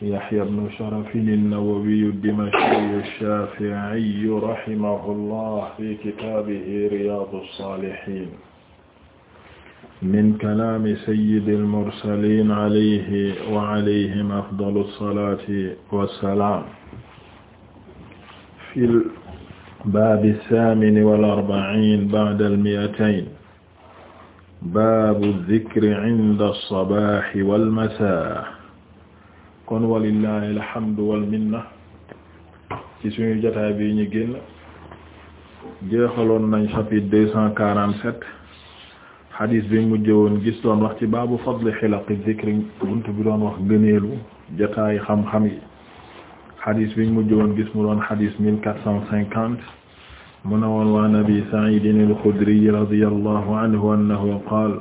Yahya ibn Sharafin an-Nawawi ad-Dimashqi ash-Shafi'i rahimahullah fi kitaabihi Riyaadu as-Saalihiin min kalaami sayyidil mursaliin alayhi wa alayhim afdalu as-salaati was-salaam fil baabi as-saamin wal arba'iin ba'da al-mi'atayn baabu adh-dhikri 'inda as-sabaahi wal-masaa' kon walillahi alhamdu wal minna ci suñu jotaay bi ñu génn jeexaloon nañ chapitre deux cent quarante-sept xadiis bi mu jëwoon gis doon wax ci baabu fadli xilaqi zikri buntu bi doon wax gëneelu jotaay xam-xam yi xadiis bi mu jëwoon gis mu doon xadiis mille quatre cent cinquante mu ne woon waa nabi Sa'iid al-Xudri radiyallahu anhu annahu qaala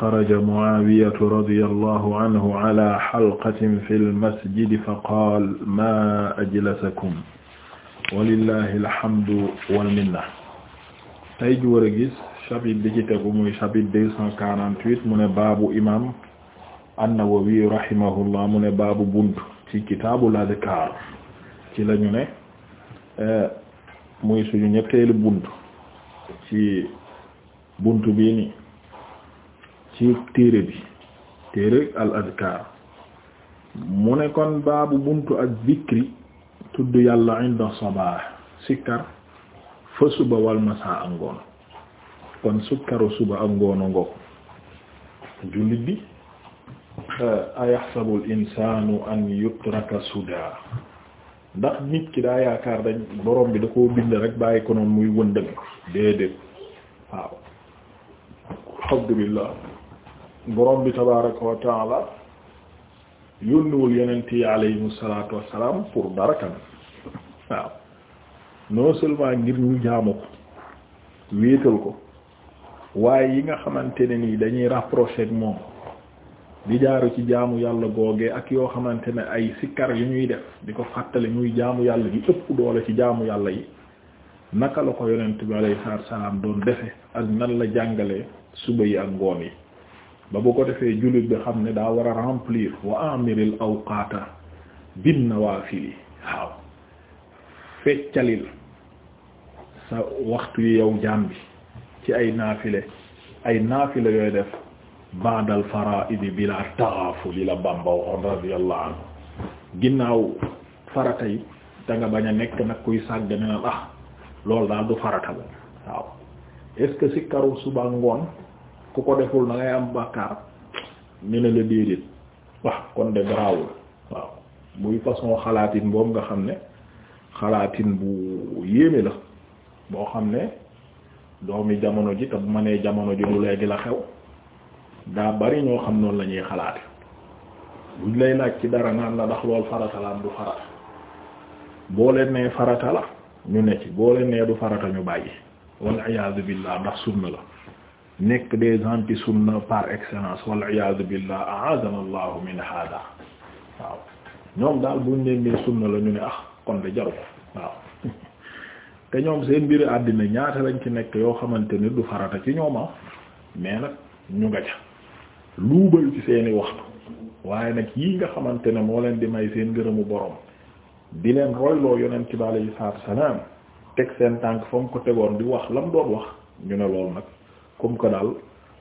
xaraja muaawiyatu radiyallahu anhu ala xalqatin fil masjidi faqaal maa ajlasakum walillahi alhamdu wal minna. tey ju war a gis chapitre bi ci tegu muy chapitre deux cent quarante huit mu ne baabu imaam an-Nawawi rahimahullah mu ne baabu buntu ci kitaabul azkaar ci lañu ne eh, muy suñu ñetteelu buntu ci buntu bii nii. ci téere bi téere al mu ne kon baabu bunt ak zikri tudd yàlla inda sabah sikkar fa suba wal masa ak ngoon kon sukkaru suba ak ngoon a ngo jullit bi eh, ayaxsabu al an yutraka suda ndax nit ki daa yaakaar dañ borom bi da ko bind rek bàyyi ko noonu muy wëndëng déedéet waaw alhamdulillah borom bi tabaaraka wa taala yónniwul yonent yi alayhimu salaatu wa salaam pour dara kan waaw non ngir ñu jaamu ko wéetal ko waaye yi nga xamante ne nii dañuy rapproché ak moom di jaaru ci jaamu yàlla googee ak yoo xamante ne ay sikkar yu ñuy def di ko fàttali muy jaamu yàlla gi ëpp doole ci jaamu yàlla yi naka la ko yonent bi alayhi salaatu wa salaam doon defe ak nan la jàngalee suba yi ak ngoon yi. ba bu ko defee jullit bi xam ne daa war a remplir wa amiril awqaata bin nawaafili waaw feccalil sa waxtu yi yow jaam bi ci ay naafile ay naafile yooy def ba'dal faraa'idi bila taxaafuli la Bamba waxoon radiyallahu anhu ginnaaw farata yi da bañ a nekk nag kuy sàggane na ah daal du farata ba waaw est-ce que si karu suba ngoon ku ko deful na ngay am bàkkaar ñu ne la déedéet wax kon de garaawul waaw muy façon xalaatin boobu nga xam ne xalaatin bu yéeme la boo xam ne doomi jamono ji te bu ma nee jamono ji lu léegi la xew daa bari ñoo xam noonu lañuy ñuy xalaate buñ lay laaj ci dara naan la ndax lool farata la am du farata boo leen nee farata la ñu ne ci boo leen nee du farata ñu bàyyi wal iyaazu billaah ndax sunna la nekk des anti-sunna par excellence wal iyaadu billah a'aadana allahu min hada waaw ñoom daal buñ leen ne sunna la ñu ne ah kon de jaru ko waaw te ñoom seen mbiri àddina ñaata lañ ci nekk yoo xamante ni du farata ci ñoom ah mais nag ñu nga ca luubal ci seeni waxtu waaye nag yii nga xamante ne moo leen di may seen ngërëmu borom di leen royloo yonent bi alayhi salaatu wa salaam teg seen tànk fa mu ko tegoon di wax lam doon wax ñu ne loolu nag comme que daal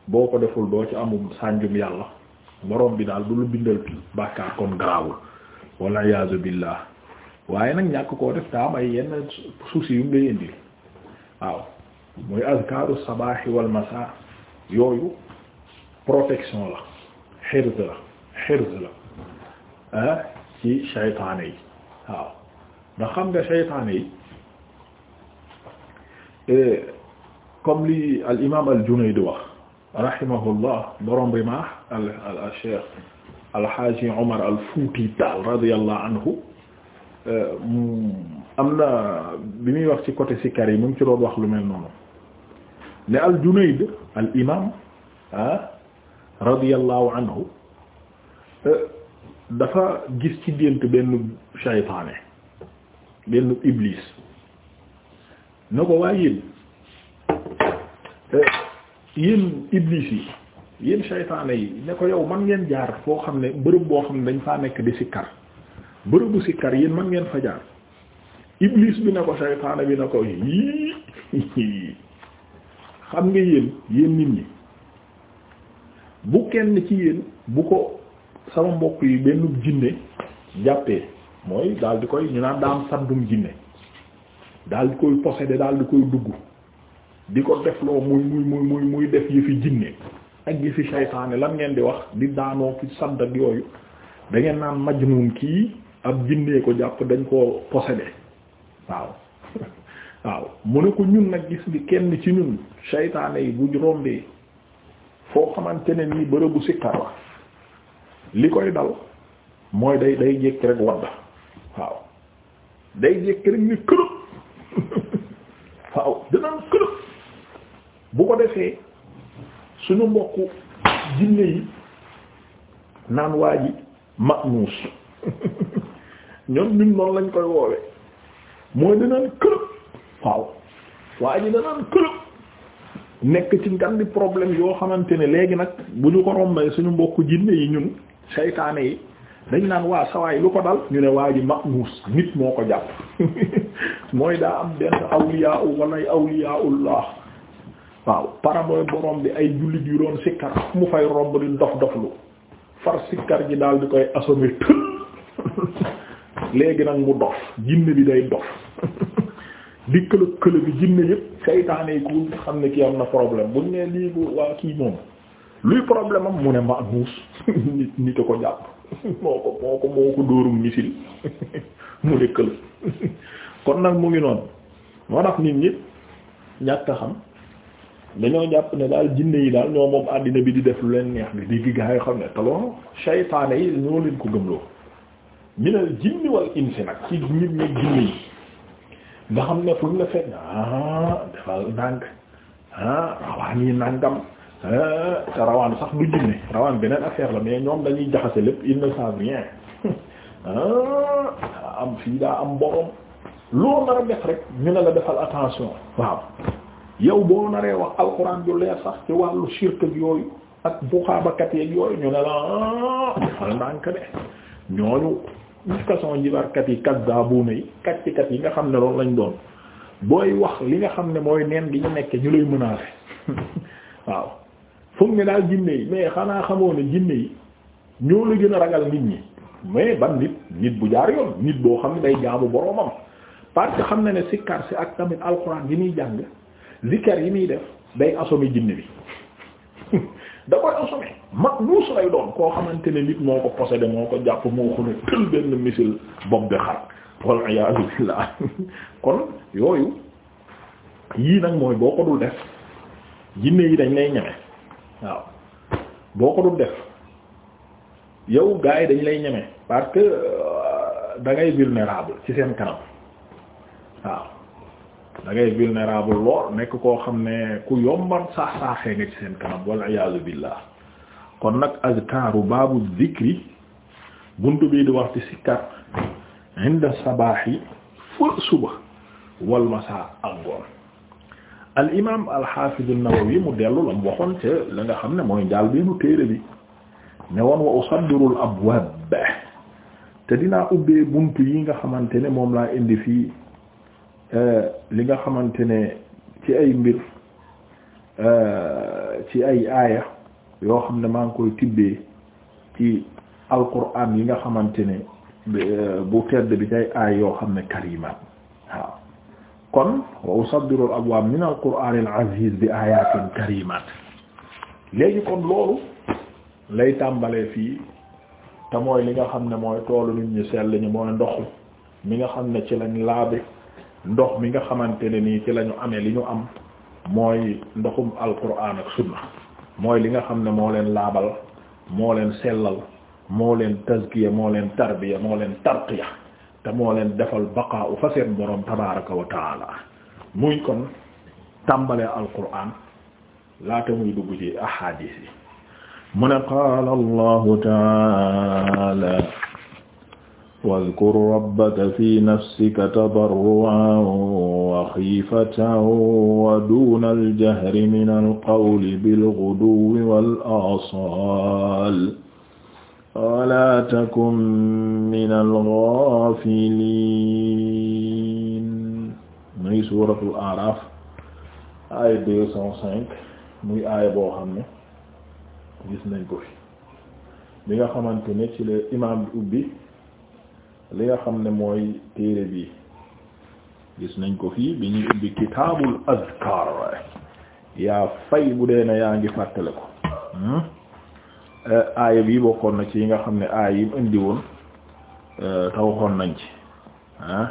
boo ko deful doo ci amum sànjum yàlla borom bi daal du lu bindal bàkkaar kon garaawul walla iyaazu billaah waaye nag ñàkk koo def daa am yenn soucis yu ngay indi waaw muy azkaaru sabaaxi wal yooyu protection la xirz la xirz la ah ci shaytaane yi waaw ndax xam nga shaytaane yi eh, comme li al imaam al Junayd wax rahimahullah borom bi ma al al Cheikh al Haaji Omar al Fuuti Taal radiyallahu anhu euh, am na bi muy wax ci côté sikar yi mu ngi ci doon wax lu mel noonu ne al Junayd al imaam ah radiyallahu anhu euh, dafa gis ci dént benn shaytaane benn iblis ne ko waaye yéen Euh, yéen iblis yi yéen saytaane yi ne ko yow man ngeen jaar foo xam ne bërëb boo xam ne dañ faa nekk di sikkar bërëbu sikkar yéen man ngeen fa jaar iblis bi ne ko saytaane bi ne ko yii xam nga yéen yéen nit ñi bu kenn ci yéen bu ko sama mbokk yi benn jinne jàppee mooy daal di koy ñu naan daam sàddum jinne daal di koy posséder daal di koy dugg di ko defloo muy muy muy muy def yi fi jinne ak yi fi saytaane lan ngeen di wax di daanoo ki sadd ak yooyu da naan majnun kii ab jinnee ko jàpp dañ koo possédé waaw waaw mu ne ko ñun nag gis ngi kenn ci ñun saytaane yi bu rombee foo xamante ne nii bërëbu sikkar la li koy dal mooy day day jékk rek wadda waaw day jékk rek ni kërëb waaw danaan kërëb bu ko defee suñu mbokku jinne yi naan waa ji manuus ñoom ñun noonu lañ koy woowe mooy dinaan kërëb waaw waa ji danaan kërëb nekk ci ngan problème yoo xamante ne léegi nag bu ñu ko rombee suñu mbokku jinne yi ñun saytaane yi dañ naan waa sawaay lu ko dal ñu ne waa ji manuus nit moo ko jàpp mooy daa am benn awliyaa walla awliyaa waaw para mooy borom bi ay jullit yu doon sikkar mu fay romb di dof doflu far sikkar ji daal di koy assommé tël léegi nag mu dof jinne bi day dof di këlëb këlëb bi jinne yëpp saytaane ku xam ne kii am na problème buñ ne lii bu waa kii moom luy problème am mu ne ma nit nit a ko jàpp moo ko moo ko moo ko dóorum misil mu ne këlëb kon nag mu ngi noonu moo tax nit ñi ñàkk a xam dañoo jàpp ne daal jinne yi daal ñoo moom àddina bi di def lu leen neex bi di gaa yoo xam ne te loolu saytaane yi ñoo leen ko gëmloo minal jinni ci nit ñi xam ne fu ñu la fekk ah defal ndànk ah, ah, affaire la mais ñoom dañuy jaxase lépp ils ne savent rien ah am fii daa a def rek ñu ne la defal attention waaw yow boo naree wax alxuraan ju leer sax ci wàllu shirk ak yooyu ak buxaabakat yeeg yooyu ñu ne la ah, defal ndànk de ñooñu ñi façon njibarkat yi kazzaabuuna yi kàccikat yi nga xam ne loolu lañ doon booy wax li nga xam ne mooy neen gi ñu nekk ñu lay menacer waaw foog ne daal jinne yi mais xanaa xamoo ne jinne yi ñoo la gën a ragal nit ñi mais ban nit nit bu jaar yoon nit boo xam ne day jaamu boroomam parce que xam na ne sikkar si ak tamit alxuraan gi ñuy jàng zikar yi muy def day assommé jinne bi da koy assommé mag nuus lay doon koo xamante ne nit moo ko possédé moo ko jàpp moo ko ne benn misil bopp bi xar wal iyaadu billah kon yooyu yii nag mooy boo ko dul def jinne yi dañ lay ñeme waaw boo ko dul def yow gars yi dañ lay ñeme parce que euh, da ngay ci seen kanam waaw da ngay vulnérable nekk koo xam ne ku yomban saax saaxee nga ci seen kanam wal iyaazu billah kon nag azkaaru baabu zikri bunt bii di wax ci sikkar sabaax yi suba wal masa ak ngoon al imaam dellu la la nga xam ne mooy njaal beenu téere bi ne woon wa usaddiru al abwaab te dinaa ubbee buntu yi nga xamante ne moom laa indi fii Euh, li nga xamante ne ci ay mbir euh, ci ay aaya yoo xam ne maa ngi koy tibbee ci alquran yi nga xamante ne euh, bu tedd bi day aay yoo xam ne karimaat waaw kon wa usaddiru al abwaab min al qur'an al aziz bi ayatin karimaat léegi kon loolu lay tàmbalee fii te mooy li nga xam ne mooy toolu nit ñu sell ñu mooy ndox mi nga xam ne ci lañ laabe ndox mi nga xamante ne nii ci la amee li ñu am mooy ndoxum alquran ak sunna mooy li nga xam ne moo leen laabal moo leen sellal moo leen tazkiya moo leen tarbiya moo leen tarqiya te moo leen defal baqaa u fa seen boroom tabaraka wa taala muy kon tàmbalee alquran laata muy dugg ci ahadis yi mu ne qaala allahu taala wadkur rabbaka fi nafsika tadarru'an wa xiifatan wa duuna aljahri min alqawli bilguduwwi wal aasaal walaa takun min algaafiliin muy suuratul Aaraaf aaya deux cent cinq muy aaya boo xam ne gis nañ ko fi bi nga xamante ne ci la imaam bi ubbi li nga xam ne mooy téere bi gis nañ ko fii bi ñuy ubbi kitaabul azkar yaa fay bu dee na yaa ngi fàttale hmm? eh, ko aaya bi bokkoon na ci yi nga xam ne aaya yim indi woon eh, tawaxoon nañ ci ah eh?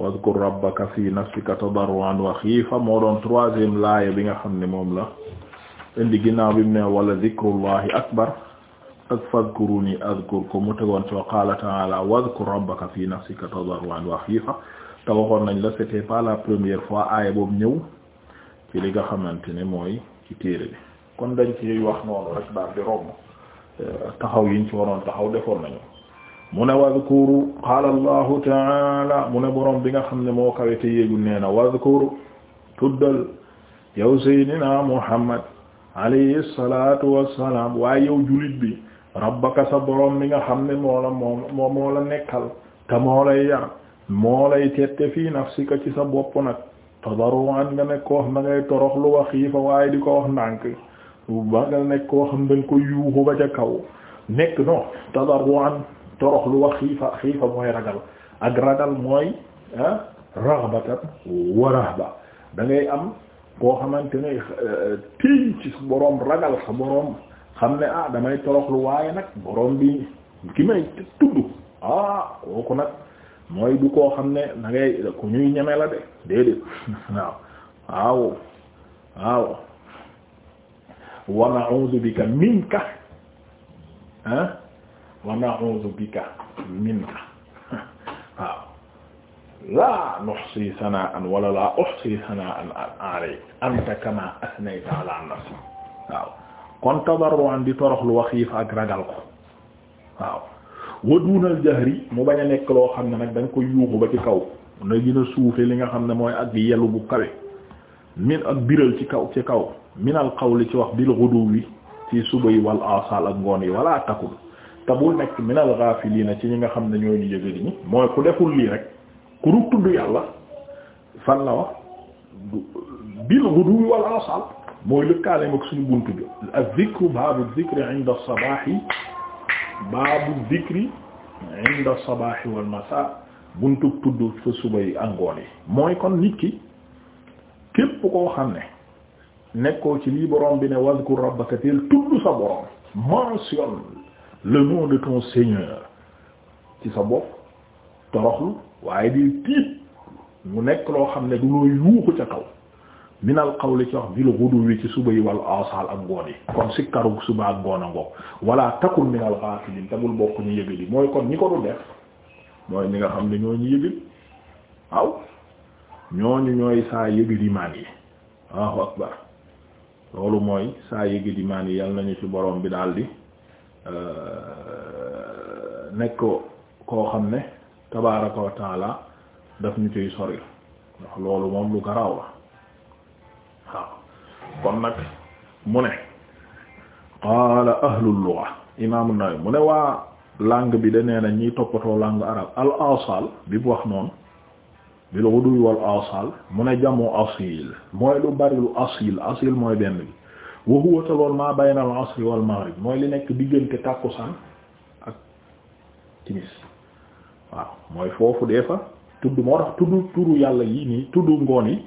wazkur rabbaka fi nafsika tadarruan wa xiifa moo doon troisième laaya bi nga xam ne moom la indi ginnaaw bi mu ne wala zikrullahi akbar ak fadkuruni azkurkum mu tegoon ci wa qaala ta'ala wadhkur rabbaka fi nafsika tadarru'an wa khiifa te waxoon nañ la c'était pas la première fois aaya boobu ñëw ci li nga xamante ni mooy ci téere bi kon dañ ci wax noonu rek daal di romb taxaw yiñ ci waroon taxaw defoon nañu mu ne wadhkuru qaala allahu taala mu ne boroom bi nga xam ne moo kawete yéegul nee na wadhkuru tuddal yow seydina muhammad alayhi salatu wassalam waaye yow julit bi rabbaka sa borom mi nga xam ne moo la moom moo la nekkal te moo lay yar moo lay tette fii nafsika ci sa bopp nag tadarruan nga nekk ngay torox lu wax yi fa waaye di ko wax ndànk ba nga koo xam da ko yuuxu ba kaw nekk non tadarruan torox lu wax xiifa xiifa mooy ragal ak ragal mooy ah raghbatan dangay am koo xamante ne eh, téy ci sa boroom ragal sa boroom xam ne ah damay toroxlu waaye nag borom bi ki may tudd ah kooku nag mooy du koo xam ne da ngay ku ñuy ñeme la de déedéet waaw waaw waaw wa na'udhu bika minka ah wa na'udhu bika minka waaw laa nuhsi sana'an wala laa uhsi sana'an alayk anta kama asnayta ala nafsi waaw kon tadarruan di toroxlu wax yi fa ak ragal ko waaw wadunal jahri mu bañ a nekk loo xam ne nag dañ nga koy yuuxu ba ci kaw na gën a suufe li nga xam ne mooy ak yelu bu kawe min ak biral ci kaw ci kaw minal li ci wax bil ghudu wi ci suba yi wal asal ak ngoon yi wala takul te bul nekk minal ghafilina ci ñi nga xam ne ñoo ñu yëgadi ñi mooy ku deful lii rek ku du tudd yàlla fan la wax bil ghudu wi wal asal mooy lëkkaaleem ak suñu bunt bi az-zikru baabu zikri inda as-sabaahi buntu tudd suba yi angoon mooy kon nit koo xam ne nekkoo ci lii borom bi ne wazkur rabbaka teel tudd sa borom sa bopp toroxlu waaye di tiit mu nekk loo xam ne du loo yuuxu ca kaw minal qawli ci wax bil ghuduwi ci suba yi wal asal ak ngoon yi kon si karu suba ak ngoon a ngoog wala takul minal ghafilin tabul bokk ñu yëgal yi mooy kon ñi ko dul def mooy ñi nga xam ne ñoo ñu yëgal waaw ñooñu ñooy saa yëgal imaan yi waaw akbar loolu mooy saa yëgal imaan yi yal nañu ci boroom bi daal di euh, nekk koo xam ne tabaraka wa daf ñu ciy sori ndax loolu moom lu garaaw la kon nag mu ne qaala ahlul lugha imaamu Nawawi mu ne waa langue bi de neena na toppatoo langue arabe al asal bi bu wax noonu bil ghuduwi wal asal mu ne jamu asil mooy lu bari lu asil mooy benn bi wa huwa talool maa al asri wal maghrib mooy li nekk diggante tàkkusaan ak timis waaw mooy foofu dee fa tudd moo tax tudd turu yàlla yi nii tudd ngoon yi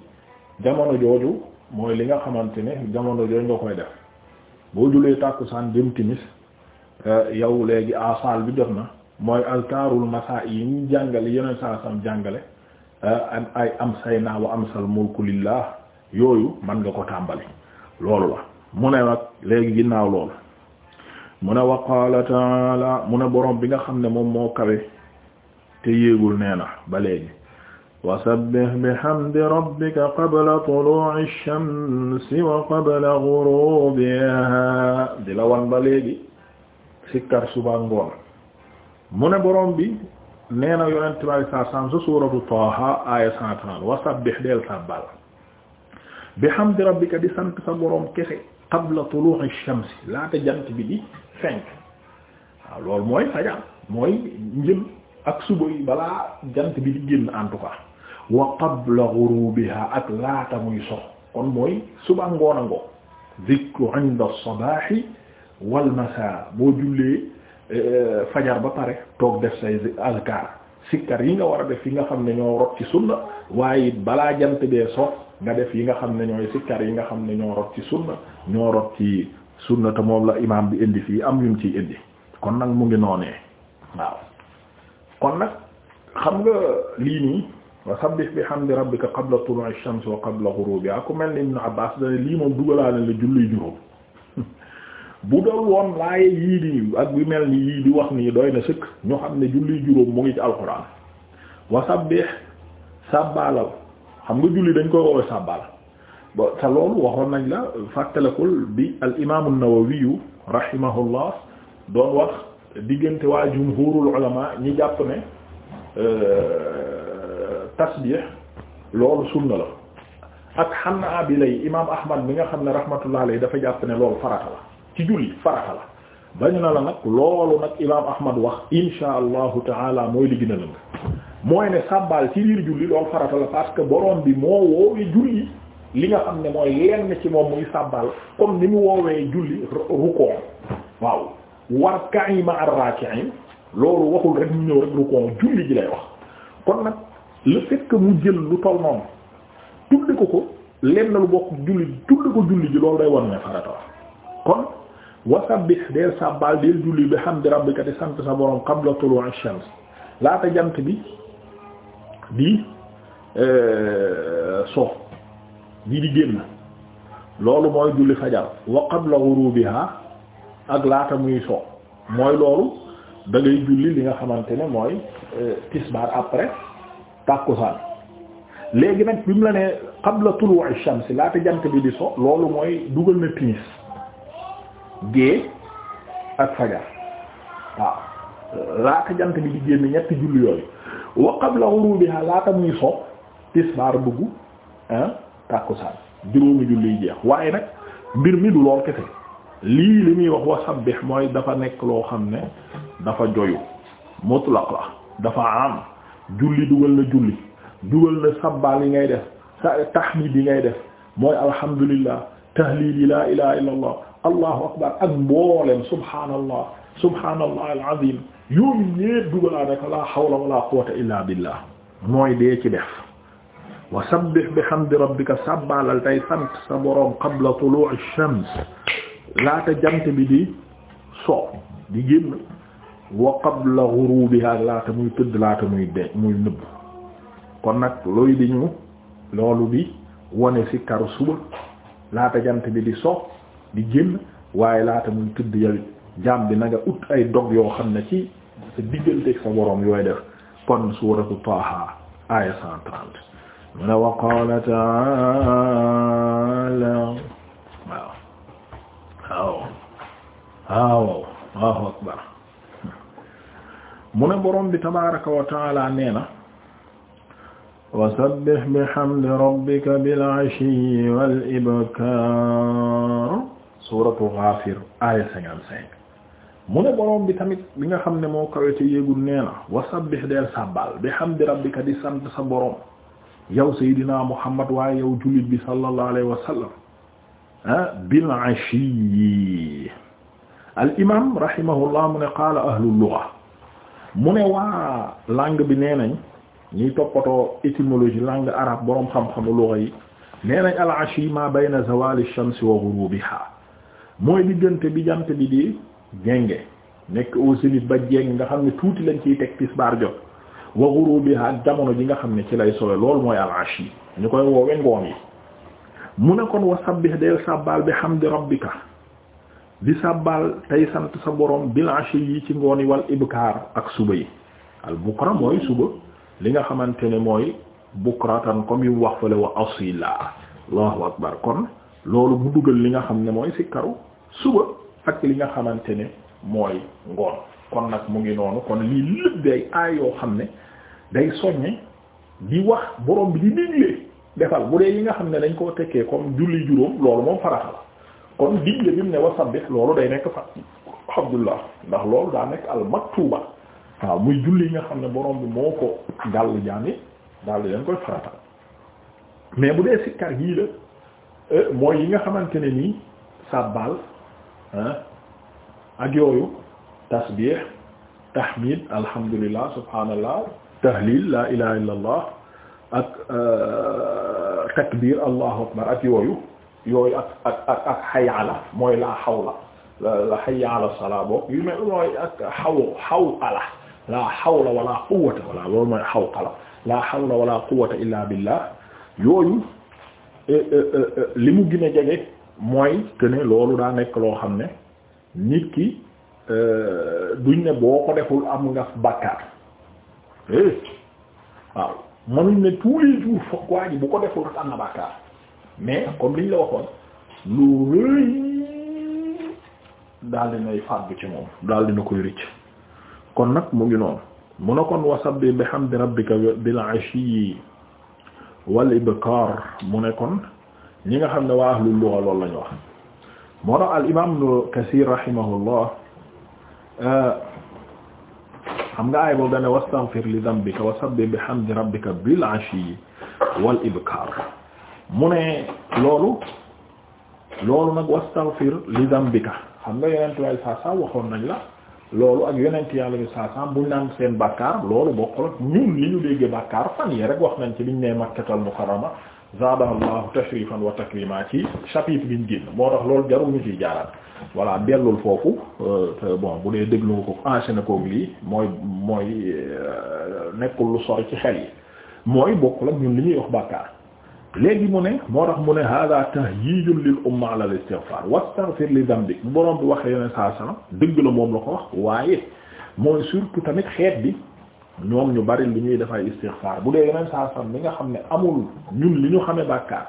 jamono jooju mooy li nga xamante ne jamono jooju nga koy def boo julee tàkkusaan jëm timis euh, yow léegi asal bi jot na mooy alkaarul masa yi ñu jàngale yeneen saa sam jàngale euh, am ay am say naa wa amsal mulku lillah yooyu mën nga ko tàmbali loolu la mu ne nag léegi ginnaaw loolu mu ne wa qaala taala mu ne borom bi nga xam ne moom moo kawe te yéegul nee na ba léegi wasabbih bihamdi rabbika qabla tuluu'i shamsi wa qabla ghurubiha di la wan ba léegi sikkar suba ngoon mu ne borom bi nee na yonent bi saa saam sa suuratu Taaha aaya 130 wasabbih deel sàbbal bihamdi rabbika di sant sa borom kese qabla tuluu'i shamsi laata jant bi di fenk waaw loolu mooy fajar mooy njëm ak suba yi balaa jant bi di génn en tout cas wa qabla ghurubiha ak laata muy sox kon mooy suba ngoon a ngoo zikru inda as-sabahi wal eh, fajar ba pare toog def say azkar sikkar yi nga war a def yi nga xam ne ñoo rot ci sunna waaye balaa jant bee sox nga def yi nga xam ne ñooy sikkar yi nga xam ne ñoo rot ci sunna ñoo rot ci sunna te moom la imaam bi indi fii am yum ciy indi kon nag mu ngi noonee waaw kon nag xam nga lii nii wa sabbih bihamdi rabbika qabla tulu'i ash-shams wa qabla ku mel ni Ibn Abbas dane lii moom dugalaale la julli juróom bu doon woon laaye yii di ak bi mel ni yii di wax nii doy na sëkk xam ne julli juróom mu ngi ci alxuraan wa xam nga julli dañ koy woowee sàbbaal waxoon nañ la fàttalekul bi al imaamu Nawawi rahimahullah doon wax diggante waa jumhurul ulama ñi jàpp ne euh, tasbih loolu sunna la ak xanaa bi lay imaam ahmad mi nga xam ne rahmatullah alayhi dafa jàpp ne loolu farata la ci julli farata la bañu na la nag loolu nag imaam ahmad wax insha allahu taala mooy li gën lëng mooy ne sàbbaal ci biir julli loolu farata la parce que borom bi moo woowee julli li nga xam ne mooy lenn ci moom muy sàbbaal comme ni mu woowee julli rukoo waaw warka'i ma'a raki'in loolu waxul rek ñu ñëw rek rukoo julli ji le fait que mu jël lu toll noonu tudde ko ko lenn lu bokk julli tudde ko julli ji loolu day war ne farata wax kon wasabbih deel sabbal deel julli bi hamdi rabbika di sant sa borom qabla tulu'i shams laata jant bi di euh, so di di génn loolu mooy julli fajar wa qabla ghurubiha ak laata muy so mooy loolu da julli li nga xamante ne mooy euh, tisbaar après tàkkusaan léegi nag bi mu la ne qabla tulu'i shams laata jant bi di so loolu mooy dugal na timis gée ak fajar waaw laata jant bi di génn ñetti julli yooyu wa qabla ghurubiha laata muy so tisbaar bëggu ah tàkkusaan juróomi julli jeex waaye nag mbir mi du lool kese lii li muy wax wasabbih mooy dafa nekk loo xam ne dafa joyu mutlaq la dafa am julli dugal na julli dugal na sabbaal yi ngay def sa tahmid yi ngay def mooy alhamdulillah tahlil yi laa ilaha illa allah allahu akbar ak mboolem subhaanallah subhaanallah alazim yooyu ñépp dugalaa rek la hawla wala quwwata illa billah mooy dee ci def wa sabbih bihamdi rabbika sàbbaalal tey sant sa boroom qabla tulu'i shams laata jant bi di so di génn wa qabla ghurubiha laata muy tëdd laata muy de muy nëbb kon nag looy di ñu loolu bi wone si karu suba laata jant bi di so di génn waaye laata muy tëdd yow jaam bi na ut ay dog yoo xam ne ci sa digganteeg sa borom yooy def kon suuratu Taaha aaya cent trente mu ne wa qaala ta'aala waaw waaw waaw waaw akbar mu ne borom bi tabaraka wa taala nee na wasabbih bihamdi rabbika bil ashiyyi wal ibkar suratu Ghafir aya cinquante-cinq mu ne borom bi tamit bi nga xam ne moo kawe te yéegul nee na wasabbih deel sabbal bihamdi rabbika di sant sa borom yow Seydina Muhammad waaye yow jullit bi sallallahu alayhi wa sallam ah bil ashiyyi al imam rahimahullah mu ne qaala ahlul lugha mu ne waa langue bi nee nañ ñuy toppatoo étymologie langue arabe boroom xam-xamu lugha yi nee nañ al-ashi ma bayna zawal ash-shams wa ghurubiha mooy diggante bi jant bi di jénge nekk au zénith ba jéng nga xam ne tuuti lañ ci teg tisbaar jot wa ghurubiha ak jamono ji nga xam ne ci lay sole loolu mooy al-ashi ñu koy woowe ngoon yi mu ne kon wa sabbih del sabbal bi hamdi rabbika di sabbal tey sant sa borom bil yi ci ngoon yi wal ibkaar ak suba yi al bukra mooy suba li nga xamante ne mooy bukratan comme yu wax fale wa asila allahu akbar kon loolu mu dugal li nga xam ne mooy si karu suba ak li nga xamante ne mooy ngoon kon nag mu ngi noonu kon lii lépp day aay yoo xam ne day soññe di wax borom bi di digle defal bu dee yi nga xam ne dañ koo tekkee comme julli juróom loolu moom farata la kon digle bi mu ne wasabbih loolu day nekk fa alhamdulillah ndax loolu daa nekk al waaw muy julli yi nga xam ne borom bi moo ko gàll jaami daal di leen koy faratal mais bu dee sikkar yii la euh, mooy yi nga xamante ne nii sàbbaal ak yooyu tasbih tahmid alhamdulillah subhanallah tahlil la ilaha illallah ak euh, takbir allahu ak yooyu yooyu ak ak ak ak xayaala mooy la xaw la xayaala salaa bokk yu mel mooy ak xaw xawqala la xawla wala quwwata wala loolu mooy xawqala la xawla wala quwwata illa billah yooyu e, e, e, li mu gën jege mooy que loolu daa nekk loo xam ne nit ki duñ ne boo ko deful amu nga bàkkaar eh, waaw mënuñ ne tous les jours fokk waa bu ko deful rek am na bàkkaar mais comme liñ la waxoon lu rëy daal di nay fàggu ci moom daal dina koy rëcc kon nag mu ngi noonu mu na kon wasabbi bihamdi rabbika bil ashi wal ibkar mu ne kon ñi nga xam ne waa ahlul lugha loolu la ñu wax moo tax al imam ibn Kathir rahimahullah euh, xam nga aay boobu dane wastaghfir li dhanbika wasabbih bihamdi rabbika bil ashi wal ibkar mu ne loolu loolu nag wastaghfir li dambika xam nga yonent waaye saa saa waxoon nañ la loolu ak yonent yàlla bi saa saa buñ naan seen bàkkaar loolu bokkul ak ñun li ñu déggee bàkkaar fan yi rek wax nañ ci liñ ne makkatal mukarrama zaadaha llahu tashrifan wa takrima ci chapitre biñ génn moo tax loolu jarul ñu ciy jaaraat voilà dellul foofu euh, euh, bon bu dee déglu nga ko na koog lii mooy mooy euh, nekkul lu sori ci xel yi mooy bokkul ak ñun li ñuy wax bàkkaar léegi mu ne moo tax mu ne hada tahyijun lil umma ala al istighfar wastaghfir li dhanbik bu boroom bi waxee yeneen saa salaam dëgg la moom la ko wax waaye mooy surtout tamit xeet bi ñoom ñu bari li ñuy dafay istighfar bu dee yeneen saa salaam li nga xam ne amul ñun li ñu xamee bàkkaar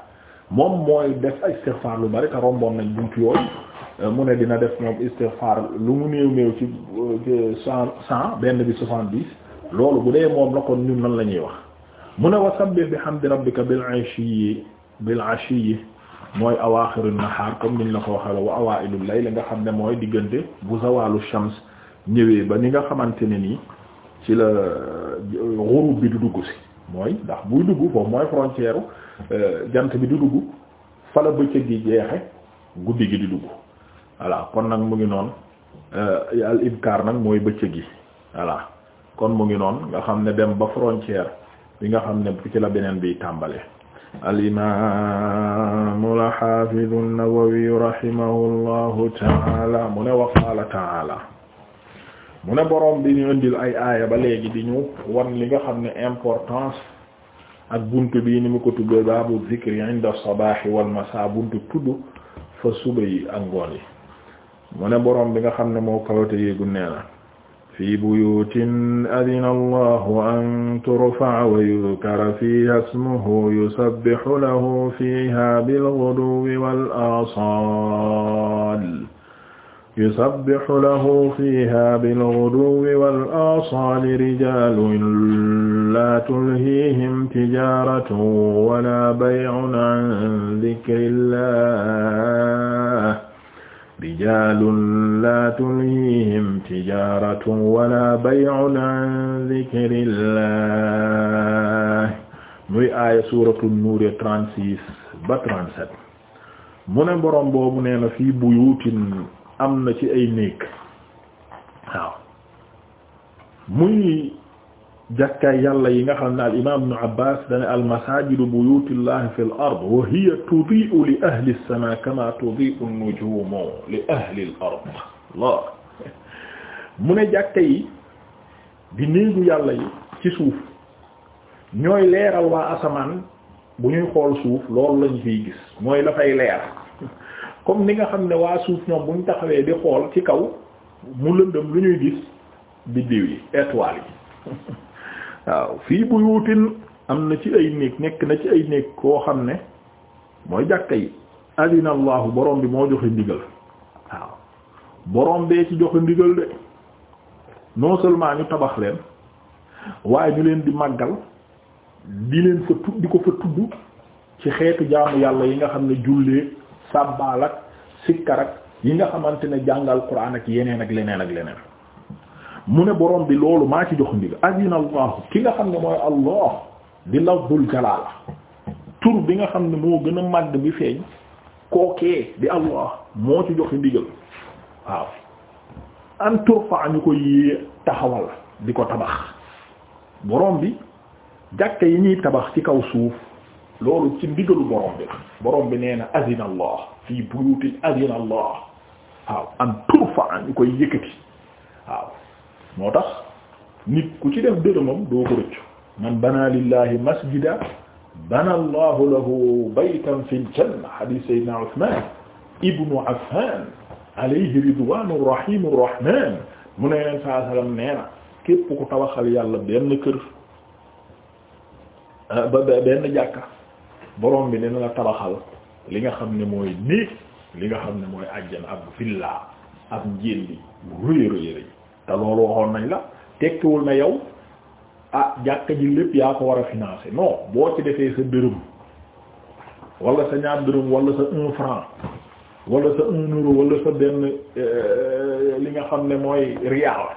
moom mooy def istighfar lu bari te romboon nañ buntu yooyu mu ne dina def moom istighfar lu mu néew néew euh, ci cent cent benn bi soixante-dix loolu bu dee moom la kon ñun nan la ñuy wax. mu ne wa sabbih bihamdi rabbika bil ashiyyi bil yi mooy awaaxirun nahaar comme niñ la ko waxee wa lay layl nga xam ne mooy diggante bu zawaalu shams ñëwee ba ni nga xamante ne nii ci la euh, ghurub bi du dugg si mooy ndax buy dugg foofu mooy frontière euh, jant bi du dugg fa la bëccëg gi jeexe guddi gi di dugg voilà kon nag mu ngi noonu euh, al ibkaar nag mooy bëccëg gi voilà kon mu ngi noonu nga xam ne dem ba frontière. bi nga xam ne ci la beneen bi tàmbale al-imaam al-haafiz an-Nawawi rahimahullahu mu ne wa qaala taala mu ne boroom bi ñu indil ay aaya ba léegi di ñu wan li nga xam ne importance ak buntu bii ni mu ko tuddee baabu zikri inda sabaahi wal masaa buntu tudd fa suba yi ak ngoon yi mu ne boroom bi nga xam ne moo kawate yéegu nee na fi buyutin adina allahu an turfa'a wa yudkara fiha ismuhu yusabbihu lahu fiha bilghuduwwi wal aasaal yusabbihu lahu fiha bilghuduwwi wal aasaali rijaalun laa tulhiihim tijaaratu wa laa bay'un an dhikri llah rijalun la tulhihim tijaratun wala bay'un an dhikrillah muy aaya suratu nuur 36 ba 37 mu ne boroom boobu nee am na ci ay néeg muy jàkkaay yàlla yi nga xam ne al imam ibnu abbas dane al masajidu buyutillahi fi l ard wa hiya li ahli as-sama kama tudi'u an-nujumu li ahli al mu ne jàkka yi di néegu yàlla yi ci suuf ñooy leeral waa asamaan bu ñuy xool suuf loolu lañu fiy gis mooy la fay leer comme ni nga xam ne waa suuf ñoom buñ taxawee di xool ci kaw mu lëndëm lu ñuy gis biddiw yi étoiles yi waaw fii buyuutin am na ci ay néeg nekk na ci ay néeg koo xam ne mooy jàkka yi adina allahu borom bi moo joxe ndigal waaw borom bee ci joxe ndigal de non seulement tabax leen waaye ñu leen di màggal di leen fa tudd di ko fa tudd ci xeetu jaamu yàlla yi nga xam ne jullee sàbbaal ak sikkar ak yi nga xamante ne jàngal quraan ak yeneen ak leneen ak leneen mu ne borom bi loolu maa ci jox ndigal azina allahu ki nga xam ne mooy allah di lafdul jalaala tur bi nga xam ne moo gën a màgg bi feeñ kookee di allah moo ci jox ndigal waaw an turfa ñu ko di ko tabax borom bi jàkka yi ñuy tabax ci kaw suuf loolu ci ndigalu bi la na azina allah fii buyuti azina allah waaw an turfa ñu koy yëkkati waaw moo tax nit ku ci def dërëmam doo ko rëccu man bana lillahi masjida bana allahu lahu baytan fil janna hadith sayyidina Uthman ibnu Affan alayhi ridwanu rahimu rahman mu ne leen saa sallam nee na képp ku tabaxal yàlla benn kër ah, ba benn jàkka borom bi dina la tabaxal li nga xam ne mooy néeg li nga xam ne mooy àjjana ab villa ab njéen bi bu rëy rëy te loolu waxoon nañ la tekkiwul na yow a ah, jàkka ji lépp yaa ko war a financer non boo ci defee sa dërëm wala sa ñaar dërëm wala sa un franc wala sa un euro wala sa benn euh, li nga xam ne mooy rial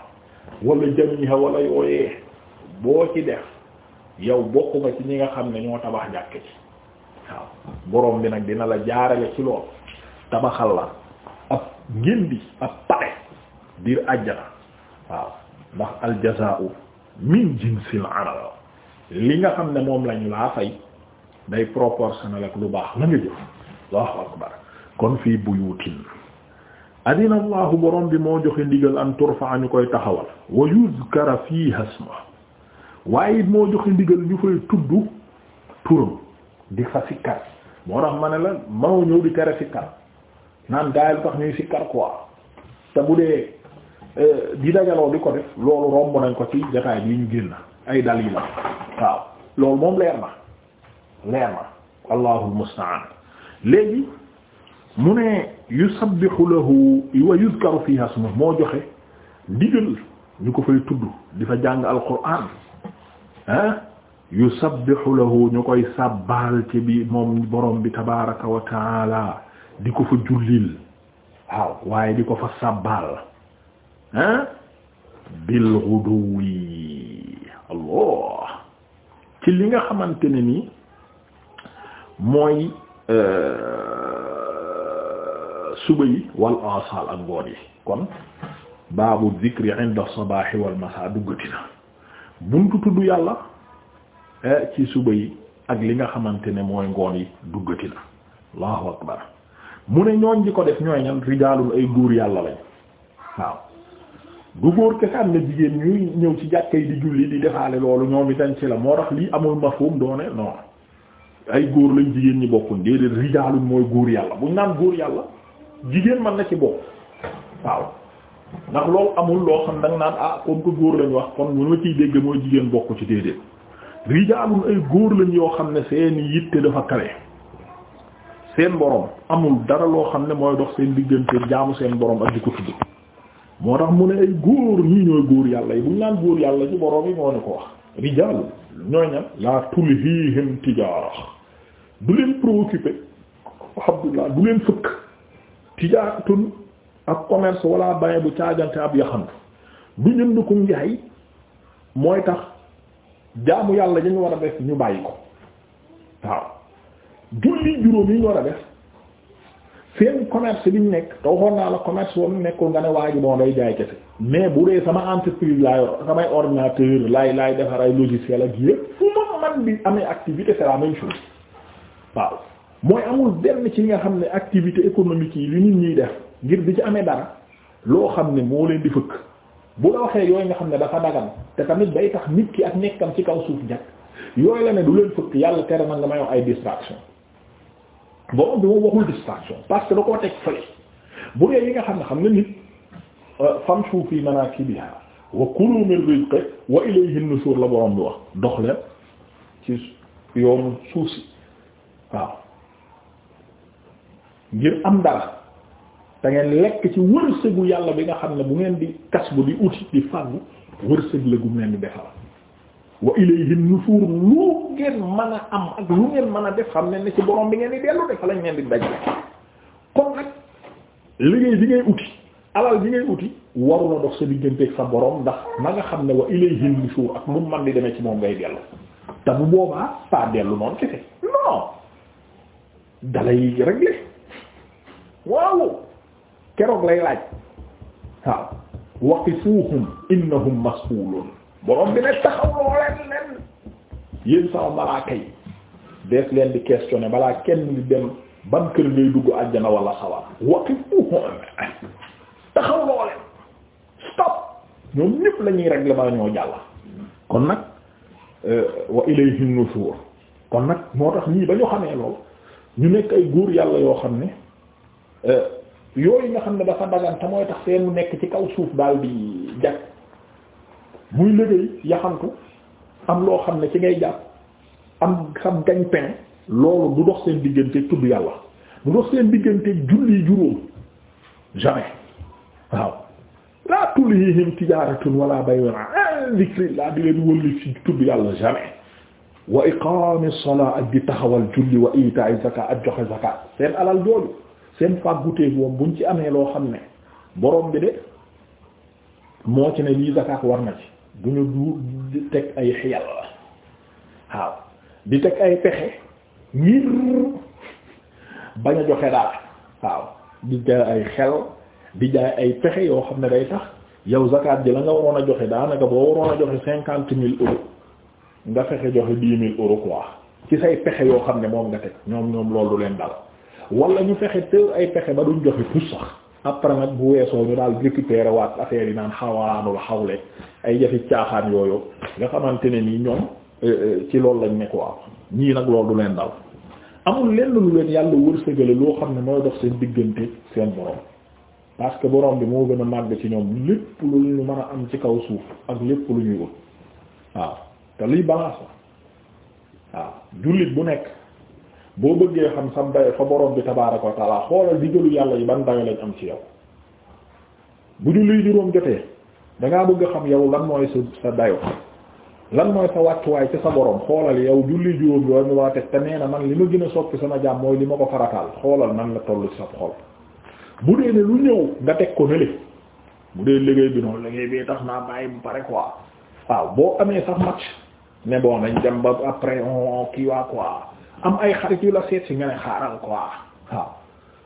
wala jamiha wala yooyee boo ci def yow bokk nga ci ñi nga xam ne ñoo tabax jàkka ji waaw borom bi nag dina la jaarale ci lool tabaxal la ab ngindi ab pate biir àjjana waaw ndax aljazaa'u min jinsil amal li nga xam ne moom lañ laa fay day proportionnel ak lu baax la nga jëf allahu akbar kon fii buyutin adina allahu bi moo joxe ndigal an turfa ñu koy taxawal wa yuzkara fiha waaye it moo joxe ndigal ñu fay tudd turam di fa sikkar moo tax ma ne la manoo ñëw di tere sikkar naan daayal tax ñuy sikkar quoi te bu dee Euh, di dajaloo di ko def loolu romb nañ ko ci jotaay bi ñu génn ay dalil la waaw loolu moom leer na leer na allahul musta'an léegi mu ne yusabbihu lahu wa yuzkaru fiha ismuhu joxe ndigal ko fay tudd di jàng alquran ah yusabbihu ñu koy sàbbaal ci bi moom borom bi tabaraka wa di ko fa jullil waaw waaye di ko fa la ah bil ghuduwi allah ci li nga xamante ne ni mooy euh, suba yi wal asal ak ngoon yi kon baabu zikri inda sabaahi wal masa duggati na buntu tudd yàlla eh, ci suba yi ak li nga xamante ne mooy ngoon yi duggati na allahu akbar mu ne ñooñ di ko def ñooy ñan rijaalul ay guur yàlla lañ waaw du góor kese am na jigéen ñuy ñëw ci jàkka yi di julli di defaale loolu ñoom itam ci la moo tax lii amul mafhum doone non ay góor lañ jigéen ñi bokkuñ déedéet rijaalun mooy góor yàlla buñ naan góor yàlla jigéen man na ci bokk waaw ndax loolu amul loo xam da nga naan ah comme que góor lañ wax kon ñu ma ciy dégg mooy jigéen bokku ci déedéet rijaalun ay góor lañ yoo xam ne seen yitte dafa kale seen borom amul dara loo xam ne mooy dox seen diggante jaamu seen borom ak di ko moo tax mu ne ay góor ñii ñooy góor yàlla yi bu naan góor yàlla ñu borom yi moo ne ko wax rijal ñooy ñan laa tulhihim tijaara du leen préoccupé alhamdulillah du leen fëkk tijaaratun ak commerce wala baye bu caagante ab yaxantu du ñënd ko njaay mooy tax jaamu yàlla dañu war a def ñu bàyyi ko waaw julli juróom yi ñu war a def seen commerce bi ñu nekk te waxoon naa la commerce boobu nekkul nga ne waa ji bon day jaay kese mais bu dee sama entreprise laay samay ordinateur laay laay defar ay logiciel ak yépp fu ma man bi amee activité c'est la même chose waaw mooy amul benn ci nga xam ne activité économique yi li nit ñuy def ngir bi ci amee dara loo xam ne moo leen di fëkk bu la waxee yooyu nga xam ne dafa dagan te tamit bay tax nit ki ak nekkam ci kaw suuf njëkk yooyu la ne du leen fëkk yàlla tere na nga may wax ay distraction borom bi moom waxul distraction parce que da koo teg fële bu dee yi nga xam ne xam nga nit euh, famshu fi manakibiha wa kulu min rizqi wa ilayhi nushur la borom bi wax dox leen ci yoonu suuf si waaw ngir am dara da ngeen lekk ci wërsëgu yàlla bi nga xam ne bu ngeen di kas bu di uti di fàggu wërsëg la gu ngeen di defal wa ilayhin nushur lu ngeen mën a am ak lu ngeen mën a def xam ne ne ci borom bi ngeen di dellu def lañ ngeen di daj kon nag liggéey bi ngay uti alal bi ngay uti waru la dox sa digganteeg sa boroom ndax na nga xam ne wa ilayhin nushur ak lu man di demee ci moom ngay dellu te bu boobaa pas dellu noonu kese non dalay régler waaw keroog lay laaj waaw waqifuhum innahum mas'ulun borom bi ne taxawloo leen leen yéen sama malaaka yi dees leen di questionner balaa kenn di dem ban kër ngay dugg àjjana wala sawar waqifuhum taxawloo leen stop ñoom ñëpp la ñuy régler bala jàll kon nag euh, wa ilayhi nushur kon nag moo tax ñii ba ñu xamee lool ñu nekk ay góor yàlla yoo xam ne euh, yooyu nga xam ne dafa dagan mooy tax seen mu nekk ci kaw suuf daal di jag muy liggéey yaxantu am loo xam ne ci ngay jàpp am xam gagne-pain loolu du dox seen diggante tudd yàlla du dox seen diggante julli juróom jamais waaw laa tulhihim tijaratun wala bay'un an zikrillah di leen wëlli ci tudd yàlla jamais wa iqaami salaa ak di taxawal julli wa ita'i zakat ak joxe zakat seen alal jooju seen fàgguteeg moom buñ ci amee loo xam ne boroom bi de moo ci ne lii zakat war na ci du ñu du teg ay xiyal waaw di teg ay pexe ngir bañ a joxe daal waaw di jaay ay xel di jaay ay pexe yoo xam ne day tax yow zakat ji la nga waroon a joxe daanaka boo waroon a joxe cinquante mille euros nga fexe joxe dix mille euros quoi ci say pexe yoo xam ne moom nga teg ñoom ñoom loolu leen dal wala ñu fexe te ay pexe ba duñ joxe tout sax. après nag bu weesoo ñu daal récupérer waat affaire yi naan xawaanul xawle ay jafi caaxaan yooyu nga xamante ne ni ñoom euh, euh, ci loolu lañ nekk waaw ñii nag loolu du leen daw amul lenn lu leen yàlla wërsëgale loo xam ne mooy dox seen diggante seen borom parce que borom bi moo gën a màgg ci ñoom lépp lu ñu mën a am ci kaw suuf ak lépp lu ñuy wut waaw te luy balance la waaw jullit bu nekk boo bëggee xam sam dayo fa bi tabaaraka wa taala xoolal digalu yàlla yi ban dayo lañ am ci yow bu julli juróom jotee dangaa bëgg a xam yow lan mooy sa sa dayo lan mooy sa wàccuwaay ci sa borom xoolal yow julli juróom yooyu mu teg te nee na man li ma gin a soppi sama jàmm mooy li ma ko farataal xoolal nan la toll sa xol bu dee ne lu ñëw nga teg ko nële bu dee liggéey bi noonu liggéey bi tax naa bàyyi bu pare quoi waaw boo amee sax match ne bon dañ dem ba am ay xarit yu la seet si nga ne xaaral quoi waaw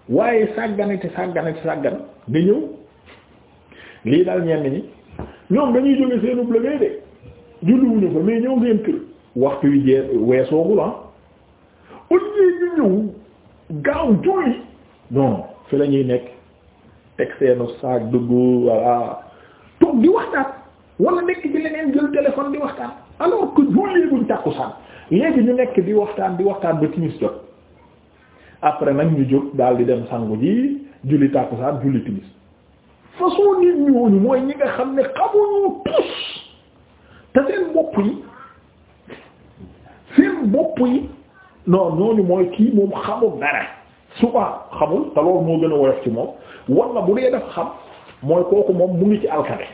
waaye sàgganati sàgganati sàggan nga ñëw lii daal ñenn ñi ñoom dañuy jóge seenub liggéey de julliwuñu fa mais ñëw ngeen kër waxtu yu jee weesoogul ah au lieu ñu ñëw gaaw julli non fi la nekk teg seenu saag dugg voilà toog di waxtaan wala nekk ci leneen jël téléphone di waxtaan alors que jullee buñ tàkkusaan léegi ñu nekk di waxtaan di waxtaan ba timis jot après nag ñu jóg daal di dem sangu ji julli tàkkusaan julli timis façon nit ñooñu mooy ñi nga xam ne xamuñu tus te seen bopp yi seen bopp yi non ñooñu mooy kii moom xamul dara suba xamul te loolu moo gën a woyof ci moom walla bu dee def xam mooy kooku moom mu ngi ci alkade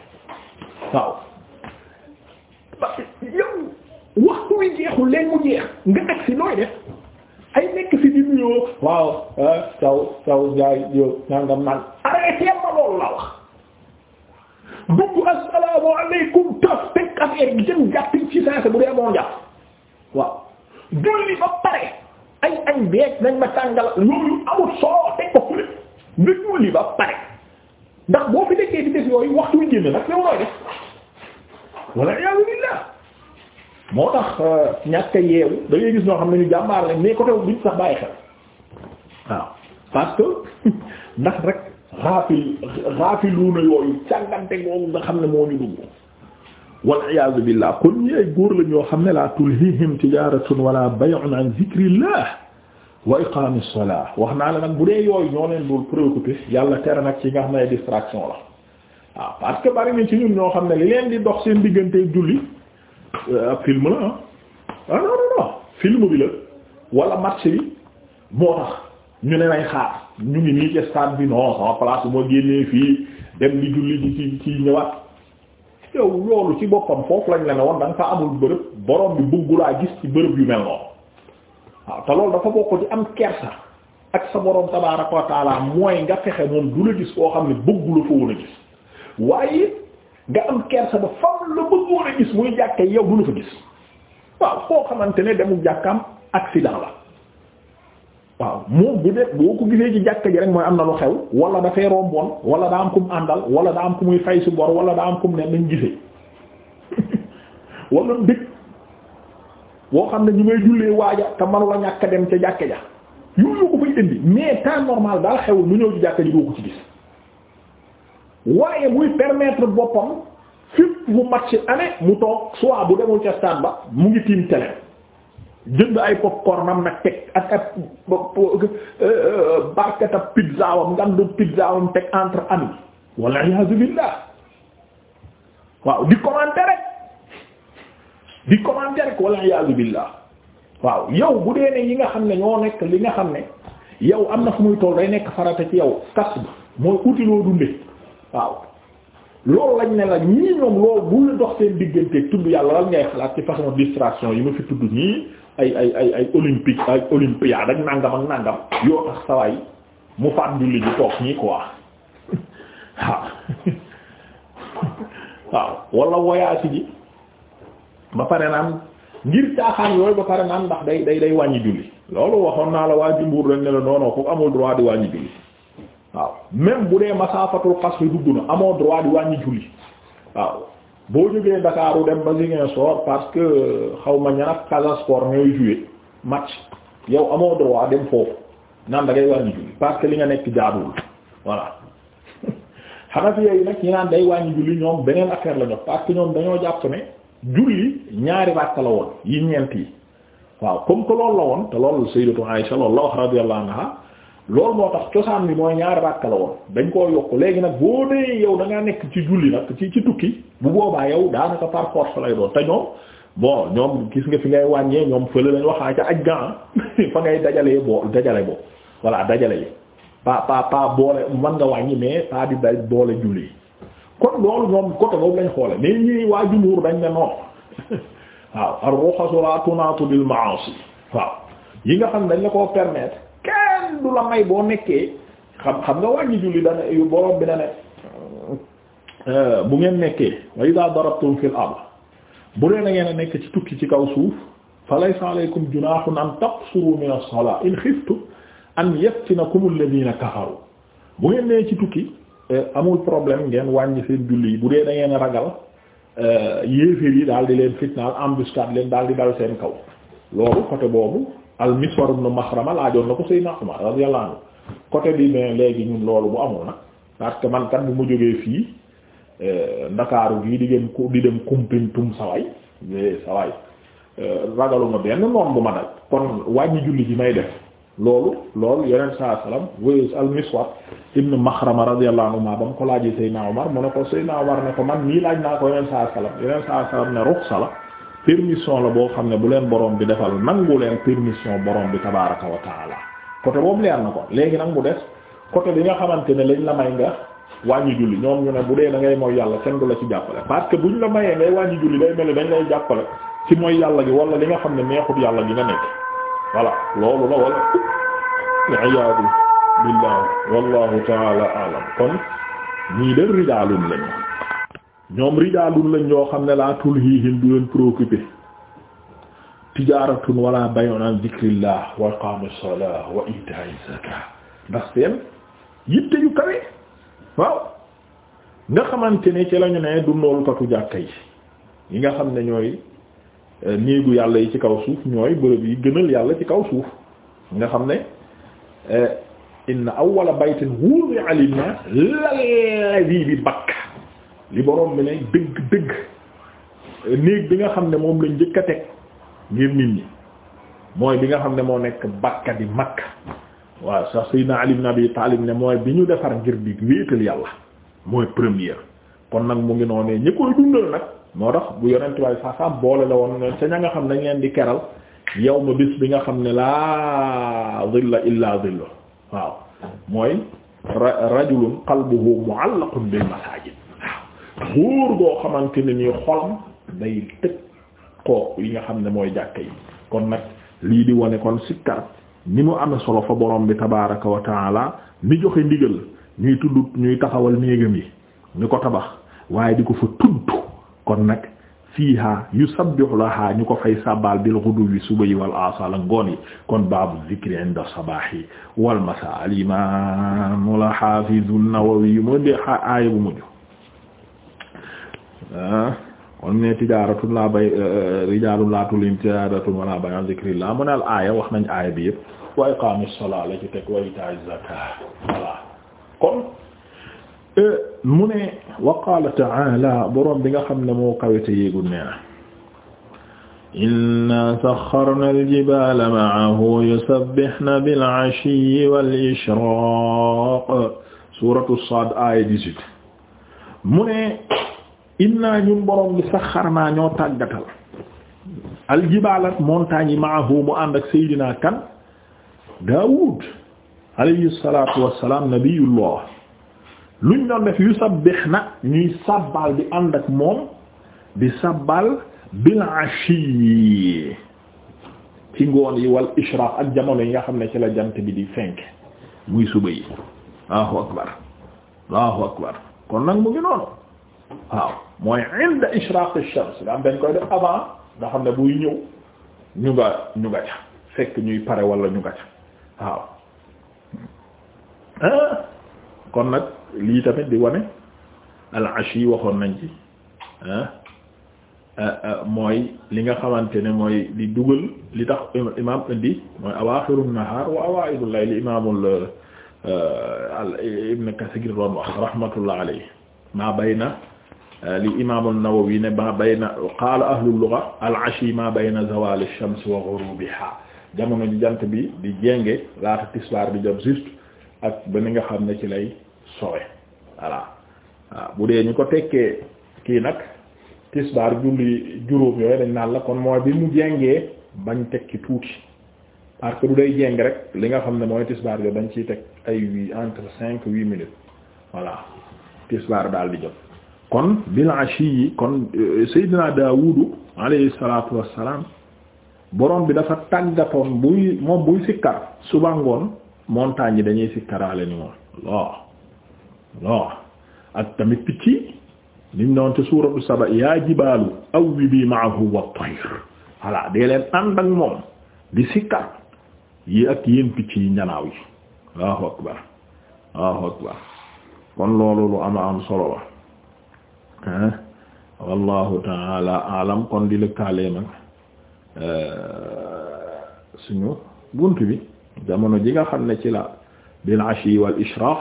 waaw affaire yi jeexul léegi mu jeex nga agg si nooy ay nekk si di nuyoo waaw ah saw saw jaay yow nangam naan arrêté ma loolu la wax dugg assalaamu alaykum taf teg affaire bi jëm jàppi ci saasa bu dee moo jàpp waaw julli ba pare ay añ beeg nañ ma tàngal loolu amul soo teg ko fule nga julli ba pare ndax boo fi nekkee di def yooyu waxtu wi génn nag yow nooy def wala yaa billah moo tax euh, ñàkk a yeewu da ngay gis ñoo xam ne ñu jàmbaar lañ mais côté bu ñu sax bàyyi xel waaw parce que ndax rek raafil raafiluuna yooyu càngante googu nga xam ne moo ñu dugg wal iyaazu billah kon ñi ay góor la ñoo xam ne la tulhihim tijaratun wala bay'un an zikrillah wa iqamis salah wax naa la nag bu dee yooyu ñoo leen yàlla tere nag ci nga xam ne ay que bari ci ñun ñoo xam ne li leen di dox seen diggante julli Euh, ab film la ah ah non non film bi la wala match bi moo tax ñu ne nañ xaar ñu ngi nii ci stade bi non sama place bu ma génnee fii dem di julli ci ci ci ñëwaat yow loolu ci boppam foofu lañ la ne woon da nga fa amul bërëb borom bi bëggu laa gis ci bërëb yu mel noonu waaw te loolu dafa bokk ci am kersa ak sa borom tabaaraka wa taala mooy nga fexe moom du la gis koo xam ne bëggu la fa woon gis waaye. nga am kersa ba fam la bëggoon a gis muy jàkke yow du la fa gis waaw foo xamante ne demu jàkkaam accident la waaw moom bu dee boo ko gisee ci jàkka ji rek mooy am na lu xew wala dafay romboon wala daa am ku àndal wala daa am ku muy fay si bor wala daa am ku mu ne nañ gisee wala dëkk boo xam ne ñu may jullee waaja te manula ñàkk dem ca jàkka ja yooyu ko fay indi mais temps normal daal xewul lu ñëw ci jàkka ji doo ko ci gis waaye muy permettre boppam fépp bu match amee mu toog soit bu demul ca ba mu ngi tiim télé jënd ay popcorn am nag teg ak ak euh, barkata pizza wam teg entre amis walla iyaazu billaah waaw di commenter rek di commenter rek walla iyaazu billaah waaw yow bu dee ne yi nga xam ne ñoo nekk li nga xam ne yow am na fu muy toll day nekk farata ci yow kas ba mooy utiloo dunde waaw loolu lañ ne la ñii ñoom loolu bu dox seen diggante tudd yàlla lan ngay xalaat ci façon distraction yi ma fi tudd ñii ay ay ay ay olympique ay olympiade ak nàngam ak nàngam yoo tax sawaay mu faat julli ji toog ñii quoi waaw waaw wala voyage ji ba pare naan ngir caaxaan yooyu ba pare naan ndax day day day wàññi julli loolu waxoon naa la waa jumbuur lañ ne la noonoo ko amul droit di wàññi julli même bu dee masaafatul xas yi dugg na amoo droit di wàññi julli waaw boo jógee Dakaaru dem ba Ziguinchor parce que euh, xaw ma ñaar Casa Sport ngay jouer match yow amoo droit dem foofu naan da wàññi julli parce que li nga nekk jaaduwul voilà Hanafi yi nag ñi naan day wàññi julli ñoom beneen affaire la ñu parce que ñoom dañoo jàpp ne julli ñaari ràkka la woon yi ñeent yi waaw comme que la woon te loolu Sayyidatu Aisha loolu la wax radiyallahu anha lool moo tax cosaan bi mooy ñaari ràkka la woon dañ koo yokk léegi nag boo dee yow da ngaa nekk ci julli nag ci ci tukki bu boobaa yow daanaka par force lay doon te ñoom bon ñoom gis nga fi ngay wàññee ñoom fële lañ waxaa ca aj gan fa ngay dajalee boo dajale boo voilà dajale yi pa pa pa boole mën nga wàññi mais pas di day boole julli kon loolu ñoom côté boobu lañ xoole mais ñi waa jumuur dañ ne noonu waaw ar-rukhas la tunaatu bil ma'asi waaw yi nga xam dañ la koo permettre kenn du la may boo nekkee xam xam nga wàññi julli dana yu borom bi na ne euh, bu ngeen nekkee wa iza darabtum fil ard bu dee na ngeen a nekk ci tukki ci kaw suuf fa laysa alaykum junahun an taqsuru min a salat in khiftum an yaftinakum alladhina kafaru bu ngeen nee ci tukki euh, amul problème ngeen wàññi seen julli yi bu dee da ngeen a ragal euh, yéeféer yi daal di leen fitnaal embuscade leen daal di dal seen kaw loolu côté boobu al Miswar ibn Maxrama laajoon na ko Seydina Umar radiyallahu anhu côté bi mais léegi ñun loolu bu amoon nag parce que man kat bu ma jógee fii euh, ndakaaru gii di gën di dem Koumpentoum saway saway euh, ragaluma benn noon bu ma dal kon wàññi julli ji may def loolu loolu yonent saa salaam wéy al Miswar ibn Maxrama radiyallahu anhu ba mu ko laajee Seydina Umar mu ne ko Seydina Umar ne ko man nii laaj naa ko yonent saa salaam yonent saa salaam ne ruxsa la permission la boo xam ne bu leen borom bi defal nangu leen permission borom bi tabaraka wa taala côté boobu leer na ko léegi nag mu des côté bi nga xamante ne lañ la may nga wàññi julli ñoom ñu ne bu dee da ngay mooy yàlla kenn du la ci jàppale parce que ñu la mayee ngay wàññi julli day mel ni dañ lay jàppale ci mooy yàlla gi wala li nga xam ne neexut yàlla gi nga nekk voilà loolu la wala liiadu billah wallahu taala alam kon ñii de rijaalun lañu ñoom rijaalun lañ ñoo xam ne laa tulhiihim du leen préoccupé tijaaratun wala bay'un an dhikrillah wa iqaami salaah wa iitaa'i zakaah ndax seen yitte yu kawe waaw nga xamante ni ci lañu ne du noolukatu jàkka yi yi nga xam ne ñooy euh, néegu yàlla yi ci kaw suuf ñooy bërëb yi gënal yàlla ci kaw suuf nga xam ne euh, inna awwala baytin wudi'a linnaas lalladhii bi Bakka li borom bi ne dëgg dëgg néeg bi nga xam ne moom lañ njëkk a teg ngir nit ñi mooy bi nga xam ne moo nekk bakka di makka waaw sax sayyidina Ali na Abi Talib ne mooy bi ñu defar ngir di wéetal yàlla mooy première kon nag mu ngi noonee ñi koy dundal nag moo tax bu yonent waaye boole la woon ne ca ña nga xam ne dañ leen di keral yow ma bis bi nga xam ne laa dhilla illa dhillu waaw mooy rajulun qalbuhu mu'allaqun bil masajid buur goo xamante ne nii xolam day tëj koo yi nga xam ne mooy jàkka yi kon nag lii di wane kon sikkar ni mu amee solo fa borom bi tabaaraka wa taala mi joxe ndigal ñuy tudd ñuy taxawal néegam yi ñu ko tabax waaye di ko fa tudd kon nag fiiha yusabbihu laha ñu ko fay sàbbaal bil ghuduwi suba yi wal asal ngoon yi kon baabu zikri inda sabahi wal masa al imam al hafiz an-Nawawi yu moo dee aaya bu mujj ah kon ne tijaaratun laa bay eh, eh, rijaalun laa tulhihim tijaaratun wala bay an zikrillah mu ne al aaya wax nañ aaya bi yëpp wa iqaamis salaa la ci teg wa ita'iz zakaa voilà kon eh, mu ne wa qaala ta'aala boroom bi nga xam ne moo kawete yéegul nee na inna saxarna aljibaala ma'ahu yusabbihna bil 'ashiyyi wal ishraaq suuratu Saad aaya 18 mu ne inna ñun borom bi saxar naa ñoo tàggatal aljibalat montagne yi maahu mu ànd ak seydina kan daawud alayhi salatu wassalam nabiyullah luñ doon def yusabbihna ñuy sabbal di ànd ak moom di sabbal bil ashi ci ngoon yi wal ishraq ak jamono yi nga xam ne ci la jant bi di fenk muy suba yi allahu akbar allahu akbar kon nag mu ngi noonu waaw mooy inda ishraq ash-shams nga xam ne buy ñëw ñu nga ñu nga ca fekk ñuy pare wala ñu nga ca waaw ah. kon nag lii tamit di wane al-ashi waxoon nañ ci ah. Ah, mooy li nga xamante ne mooy di dugal li tax imaam indi mooy awaaxiru nahaar wa awaa'idu layl imaamul al ibn Kathir doon wax rahmatullah alayhi ma Euh, li imam an-Nawawi ne ma bayna qaala ahlul lugha al-ashi ma bayna zawal ash-shams wa ghurubiha jamono ji jant bi di jénge laata tisbaar bi jot juste ak ba ni nga xam ne ci lay sowe waaw bu dee ñu ko tekkee kii nag tisbaar julli juróom yooyu dañ naan la kon mooy bi mu jéngee bañ tekki tuuti parce du day jéng rek li nga xam ne mooy tisbaar bi dañ ciy teg ay huit entre cinq huit minutes voilà tisbaar daal di jot kon bil ashi kon euh, Seydina Daawudu alayhi salaatu wassalaam borom bi dafa tàggatoon buy moom buy sikkar suba ngoon yi dañuy sikkaraale ni moom Allah Allah ak tamit picc yi niñ doon te suuratu saba yaa jibaalu awwibi ma'ahu wat-tayr voilà dee leen ànd ak moom di sikkar yi ak yéen picc yi njanaaw yi Allahu akbar Allahu akbar kon loolu lu ama am solo la wallahu taala alam kon di lëkkaale mag euh, suñu bunt bi jamono ji nga xam ne ci la bil ashi wal ishraq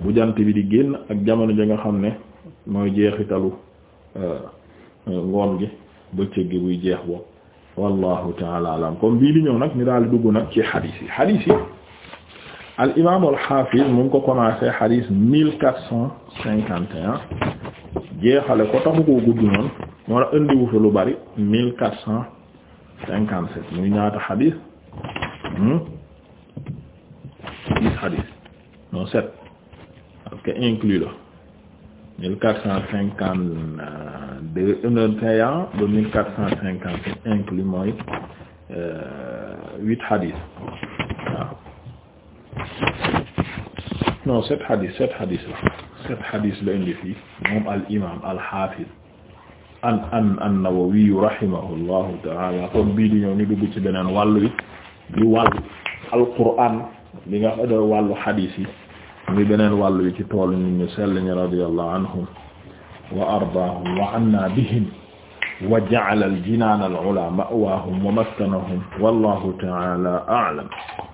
bu jant bi di génn ak jamono ji nga xam ne mooy jeexitalu euh, ngoon gi bëccëg gi buy jeex boobu wallahu taala alam comme bii di ñëw nag ñu daal dugg nag ci xadiis yi xadiis yi al imaam al xaafiz mu ngi ko commencé xadiis mille quatre cent cinquante et jeexale ko taxu koo noonu moo tax indiwu fi lu bari mille quatre cent cinquante sept muy ñaata xadiis hmm? dix xadiis non sept parce que inclus cent cinquante deux mooy euh, huit xadiis waaw non sept xadiis sept la sept xadis la indi fii moom al imaam al xaafiz an an an-Nawawi rahimahullahu taala kon bii di ñëw ñu dugg ci beneen wàll wi di wàllu alquraan li nga xam ne wàllu xadis yi muy beneen wàll wi ci tool nit ñu sell ñi radiyallahu anhum wa ardaahum wa anna bihim wa ja'ala al-jinaan al-ulaa ma'waahum wa maskanahum wallahu taala a'lam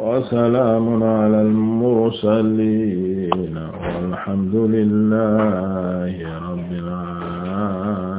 wasalaamun ala al-mursaliin walhamdu lillaahi rabbil aalamiin